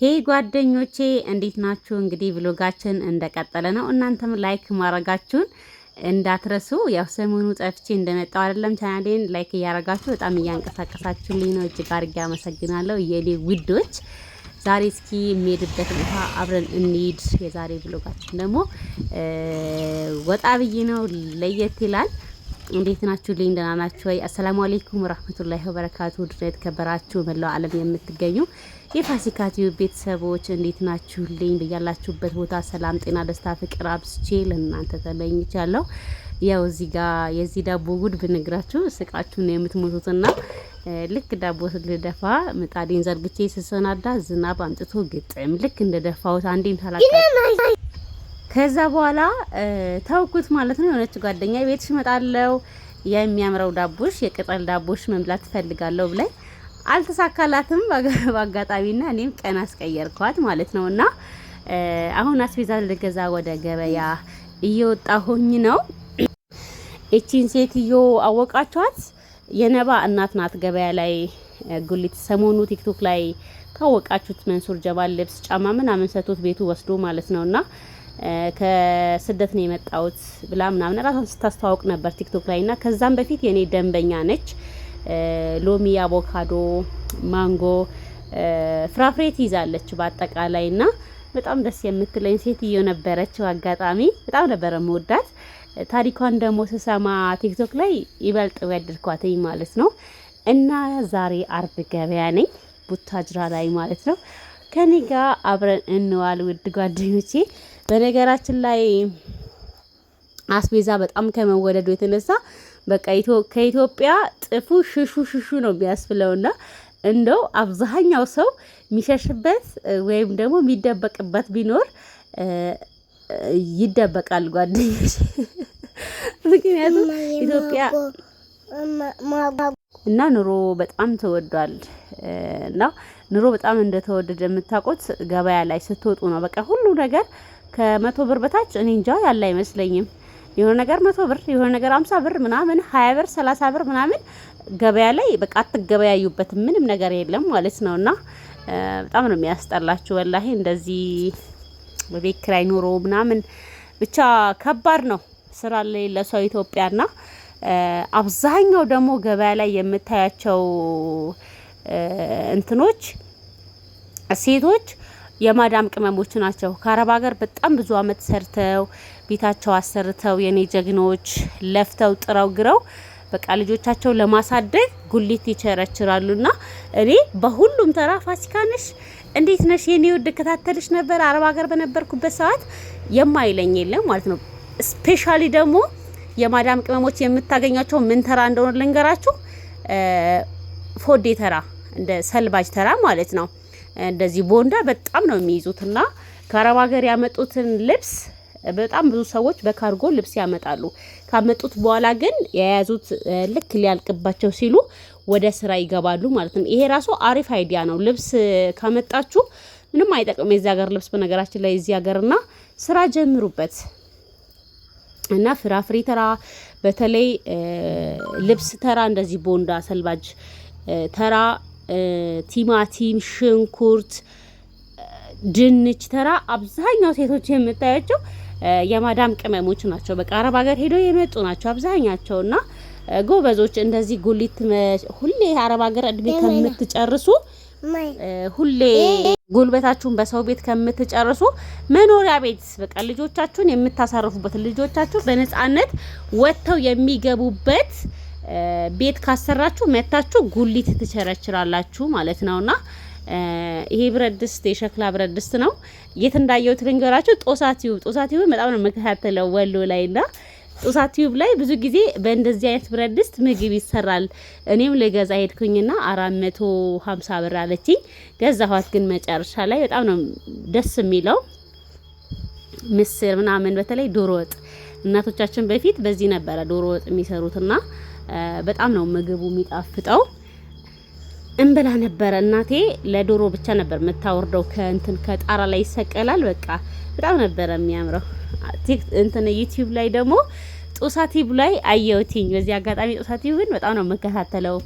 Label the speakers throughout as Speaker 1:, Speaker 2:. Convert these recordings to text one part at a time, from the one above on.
Speaker 1: ሄይ ጓደኞቼ እንዴት ናችሁ? እንግዲህ ብሎጋችን እንደቀጠለ ነው። እናንተም ላይክ ማድረጋችሁን እንዳትረሱ። ያው ሰሞኑ ጠፍቼ እንደመጣው አይደለም ቻናሌን ላይክ ያረጋችሁ በጣም እያንቀሳቀሳችሁልኝ ነው። እጅግ አድርጌ አመሰግናለሁ የኔ ውዶች። ዛሬ እስኪ የሚሄድበት ቦታ አብረን እንሂድ። የዛሬ ብሎጋችን ደግሞ ወጣ ብዬ ነው፣ ለየት ይላል። እንዴት ናችሁ? ልኝ ደህና ናችሁ ወይ? አሰላሙ አለይኩም ወራህመቱላሂ ወበረካቱ። ድና የተከበራችሁ መላው ዓለም የምትገኙ የፋሲካ ቲዩብ ቤተሰቦች እንዴት ናችሁ? ልኝ በያላችሁበት ቦታ ሰላም፣ ጤና፣ ደስታ፣ ፍቅር አብስቼ ለእናንተ ተመኝቻለሁ። ያው እዚህ ጋር የዚህ ዳቦ ጉድ ብነግራችሁ ስቃችሁ ነው የምትሞቱትና ልክ ዳቦ ልደፋ ምጣዴን ዘርግቼ ስሰናዳ ዝናብ አምጥቶ ግጥም ልክ እንደ ደፋሁት አንዴም ታላቅ ከዛ በኋላ ተውኩት ማለት ነው። የሆነች ጓደኛ ቤትሽ እመጣለሁ የሚያምረው ዳቦሽ የቅጠል ዳቦሽ መብላት ትፈልጋለሁ ብላይ አልተሳካላትም በአጋጣሚና እኔም ቀን አስቀየርኳት ማለት ነው። እና አሁን አስቤዛ ልገዛ ወደ ገበያ እየወጣሁኝ ነው። እቺን ሴትዮ አወቃችኋት? የነባ እናት ናት። ገበያ ላይ ጉሊት ሰሞኑ ቲክቶክ ላይ ካወቃችሁት መንሱር ጀማል ልብስ፣ ጫማ ምናምን ሰቶት ቤቱ ወስዶ ማለት ነውና ከስደት ነው የመጣሁት ብላ ምናምን ራሷን ስታስተዋውቅ ነበር ቲክቶክ ላይ እና ከዛም በፊት የኔ ደንበኛ ነች። ሎሚ፣ አቮካዶ፣ ማንጎ ፍራፍሬ ትይዛለች በአጠቃላይ እና በጣም ደስ የምትለኝ ሴትዮ ነበረችው። አጋጣሚ በጣም ነበረ መወዳት። ታሪኳን ደግሞ ስሰማ ቲክቶክ ላይ ይበልጥ ወደድኳትኝ ማለት ነው። እና ዛሬ አርብ ገበያ ነኝ ቡታጅራ ላይ ማለት ነው። ከኔ ጋር አብረን እንዋል ውድ ጓደኞቼ። በነገራችን ላይ አስቤዛ በጣም ከመወደዱ የተነሳ በቃ ከኢትዮጵያ ጥፉ ሽሹ ሽሹ ነው የሚያስብለውና እንደው አብዛኛው ሰው የሚሸሽበት ወይም ደግሞ የሚደበቅበት ቢኖር ይደበቃል ጓደኞች። ምክንያቱም ኢትዮጵያ እና ኑሮ በጣም ተወዷል። እና ኑሮ በጣም እንደተወደደ የምታውቁት ገበያ ላይ ስትወጡ ነው። በቃ ሁሉ ነገር ከመቶ ብር በታች እኔ እንጃ ያለ አይመስለኝም። የሆነ ነገር መቶ ብር የሆነ ነገር አምሳ ብር ምናምን ሀያ ብር ሰላሳ ብር ምናምን ገበያ ላይ በቃ አትገበያዩበት ምንም ነገር የለም ማለት ነው። እና በጣም ነው የሚያስጠላችሁ ወላሂ እንደዚህ በቤት ኪራይ ኑሮ ምናምን ብቻ ከባድ ነው ስራ ላይ ለሰው ኢትዮጵያና አብዛኛው ደግሞ ገበያ ላይ የምታያቸው እንትኖች ሴቶች የማዳም ቅመሞች ናቸው። ከአረብ ሀገር በጣም ብዙ አመት ሰርተው ቤታቸው አሰርተው የኔ ጀግኖች ለፍተው ጥረው ግረው በቃ ልጆቻቸው ለማሳደግ ጉሊት ና እኔ በሁሉም ተራ ፋሲካንሽ እንዴት ነሽ የኔ ውድ ከታተልሽ ነበር አረብ ሀገር በነበርኩበት ሰዓት የማይለኝ የለም ማለት ነው። ስፔሻሊ ደግሞ የማዳም ቅመሞች የምታገኛቸው ምን ተራ እንደሆነ ልንገራችሁ። ፎዴ ተራ እንደ ሰልባጅ ተራ ማለት ነው። እንደዚህ ቦንዳ በጣም ነው የሚይዙትና ከአረብ ሀገር ያመጡትን ልብስ በጣም ብዙ ሰዎች በካርጎ ልብስ ያመጣሉ። ካመጡት በኋላ ግን የያዙት ልክ ሊያልቅባቸው ሲሉ ወደ ስራ ይገባሉ ማለት ነው። ይሄ ራሱ አሪፍ አይዲያ ነው። ልብስ ካመጣችሁ ምንም አይጠቅም የዚህ ሀገር ልብስ በነገራችን ላይ የዚህ ሀገርና ስራ ጀምሩበት እና ፍራፍሬ ተራ፣ በተለይ ልብስ ተራ፣ እንደዚህ ቦንዳ፣ ሰልባጅ ተራ ቲማቲም፣ ሽንኩርት፣ ድንች ተራ አብዛኛው ሴቶች የምታያቸው የማዳም ቅመሞች ናቸው። በቃ አረብ ሀገር ሄደው የመጡ ናቸው አብዛኛቸው እና ጎበዞች እንደዚህ ጉሊት ሁሌ አረብ ሀገር እድሜ ከምትጨርሱ ሁሌ ጉልበታችሁን በሰው ቤት ከምትጨርሱ መኖሪያ ቤት በቃ ልጆቻችሁን የምታሳርፉበት ልጆቻችሁ በነጻነት ወጥተው የሚገቡበት ቤት ካሰራችሁ መታችሁ ጉሊት ትቸረችራላችሁ ማለት ነውና ይሄ ብረት ድስት የሸክላ ብረት ድስት ነው። የት እንዳየሁት ልንገራችሁ። ጦሳ ቲዩብ ጦሳ ቲዩብ በጣም ነው መከታተለው ወሎ ላይና ጦሳ ቲዩብ ላይ ብዙ ጊዜ በእንደዚህ አይነት ብረት ድስት ምግብ ይሰራል። እኔም ልገዛ ሄድኩኝና አራት መቶ ሀምሳ ብር አለችኝ። ገዛኋት። ግን መጨረሻ ላይ በጣም ነው ደስ የሚለው ምስር ምናምን በተለይ ዶሮ ወጥ እናቶቻችን በፊት በዚህ ነበረ ዶሮ ወጥ የሚሰሩትና በጣም ነው ምግቡ የሚጣፍጠው። እንበላ ነበረ እናቴ ለዶሮ ብቻ ነበር የምታወርደው። ከእንትን ከጣራ ላይ ይሰቀላል። በቃ በጣም ነበረ የሚያምረው። እንትን ዩቲዩብ ላይ ደግሞ ቲቭ ላይ አየሁትኝ። በዚህ አጋጣሚ ጦሳቲቭን በጣም ነው የምከታተለው።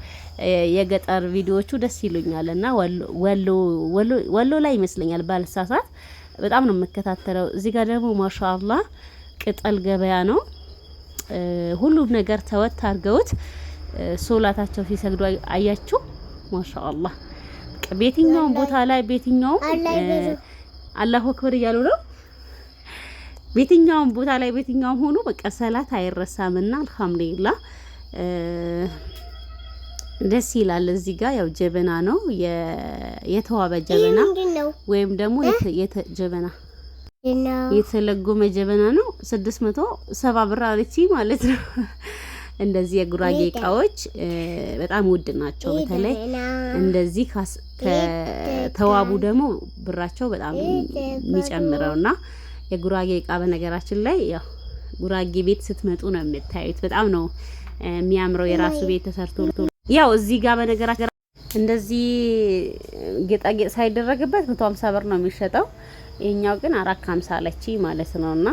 Speaker 1: የገጠር ቪዲዮዎቹ ደስ ይሉኛል እና ወሎ ላይ ይመስለኛል ባልሳሳት በጣም ነው የምከታተለው። እዚህ ጋር ደግሞ ማሻአላህ ቅጠል ገበያ ነው። ሁሉም ነገር ተወት አድርገውት ሶላታቸው ሲሰግዱ አያችሁ። ማሻአላህ ቤትኛውም ቦታ ላይ ቤትኛውም አላሁ አክበር እያሉ ነው። በየትኛውም ቦታ ላይ ቤትኛውም ሆኖ በቃ ሰላት አይረሳምና አልሐምዱሊላህ ደስ ይላል። እዚህ ጋር ያው ጀበና ነው የተዋበ ጀበና ወይም ደግሞ ጀበና የተለጎመ ጀበና ነው። ስድስት መቶ ሰባ ብር አለች ማለት ነው። እንደዚህ የጉራጌ እቃዎች በጣም ውድ ናቸው። በተለይ እንደዚህ ከተዋቡ ደግሞ ብራቸው በጣም የሚጨምረው እና የጉራጌ እቃ በነገራችን ላይ ያው ጉራጌ ቤት ስትመጡ ነው የምታዩት። በጣም ነው የሚያምረው የራሱ ቤት ተሰርቶ ያው እዚህ ጋር በነገራችን እንደዚህ ጌጣጌጥ ሳይደረግበት መቶ ሀምሳ ብር ነው የሚሸጠው። ይሄኛው ግን አራት ከሀምሳ አለች ማለት ነው። እና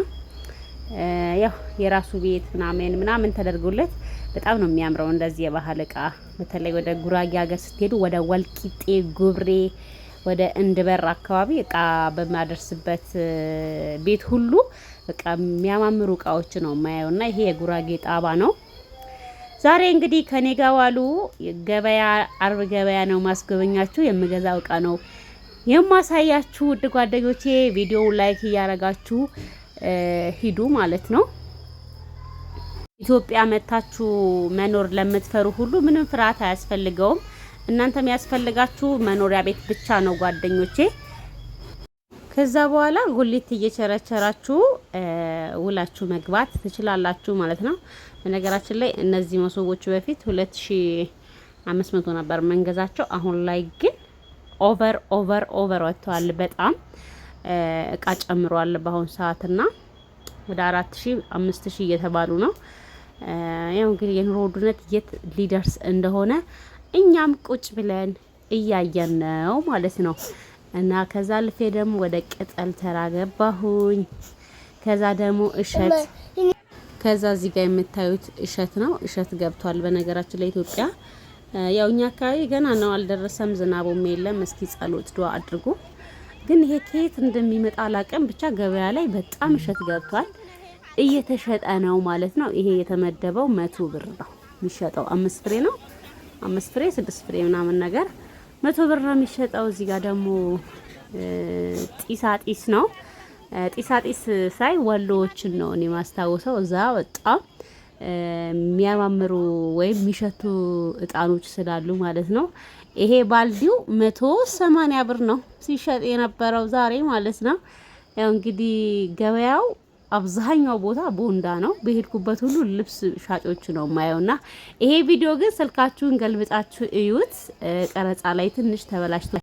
Speaker 1: ያው የራሱ ቤት ምናምን ምናምን ተደርጎለት በጣም ነው የሚያምረው። እንደዚህ የባህል እቃ በተለይ ወደ ጉራጌ ሀገር ስትሄዱ ወደ ወልቂጤ ጉብሬ፣ ወደ እንድበር አካባቢ እቃ በማደርስበት ቤት ሁሉ በቃ የሚያማምሩ እቃዎች ነው የማየው እና ይሄ የጉራጌ ጣባ ነው። ዛሬ እንግዲህ ከኔ ጋር ዋሉ። ገበያ አርብ ገበያ ነው ማስጎበኛችሁ። የምገዛው እቃ ነው የማሳያችሁ ውድ ጓደኞቼ። ቪዲዮው ላይክ እያረጋችሁ ሂዱ ማለት ነው። ኢትዮጵያ መታችሁ መኖር ለምትፈሩ ሁሉ ምንም ፍርሃት አያስፈልገውም። እናንተም ያስፈልጋችሁ መኖሪያ ቤት ብቻ ነው ጓደኞቼ። ከዛ በኋላ ጉሊት እየቸረቸራችሁ ውላችሁ መግባት ትችላላችሁ ማለት ነው። በነገራችን ላይ እነዚህ መሶቦቹ በፊት 2500 ነበር መንገዛቸው አሁን ላይ ግን ኦቨር ኦቨር ኦቨር ወጥቷል። በጣም እቃ ጨምሯል በአሁኑ ሰዓትና ወደ አራት ሺ አምስት ሺ እየተባሉ ነው። ያው እንግዲህ የኑሮ ውድነት የት ሊደርስ እንደሆነ እኛም ቁጭ ብለን እያየን ነው ማለት ነው። እና ከዛ ልፌ ደግሞ ወደ ቅጠል ተራ ገባሁኝ። ከዛ ደግሞ እሸት ከዛ እዚህ ጋር የምታዩት እሸት ነው። እሸት ገብቷል። በነገራችን ኢትዮጵያ ያው እኛ አካባቢ ገና ነው አልደረሰም፣ ዝናቡም የለም። እስኪ ጸሎት ዱአ አድርጉ። ግን ይሄ ከየት እንደሚመጣ አላቅም። ብቻ ገበያ ላይ በጣም እሸት ገብቷል፣ እየተሸጠ ነው ማለት ነው። ይሄ የተመደበው መቶ ብር ነው የሚሸጠው። አምስት ፍሬ ነው አምስት ፍሬ ስድስት ፍሬ ምናምን ነገር መቶ ብር ነው የሚሸጠው። እዚህ ጋር ደግሞ ጢሳጢስ ነው። ጢሳጢስ ሳይ ወሎዎችን ነው እኔ እዛ በጣም የሚያማምሩ ወይም የሚሸቱ እጣኖች ስላሉ ማለት ነው። ይሄ ባልዲው መቶ ሰማንያ ብር ነው ሲሸጥ የነበረው ዛሬ ማለት ነው። ያው እንግዲህ ገበያው አብዛኛው ቦታ ቦንዳ ነው። በሄድኩበት ሁሉ ልብስ ሻጮች ነው ማየውና ይሄ ቪዲዮ ግን ስልካችሁን ገልብጣችሁ እዩት። ቀረጻ ላይ ትንሽ ተበላሽቶ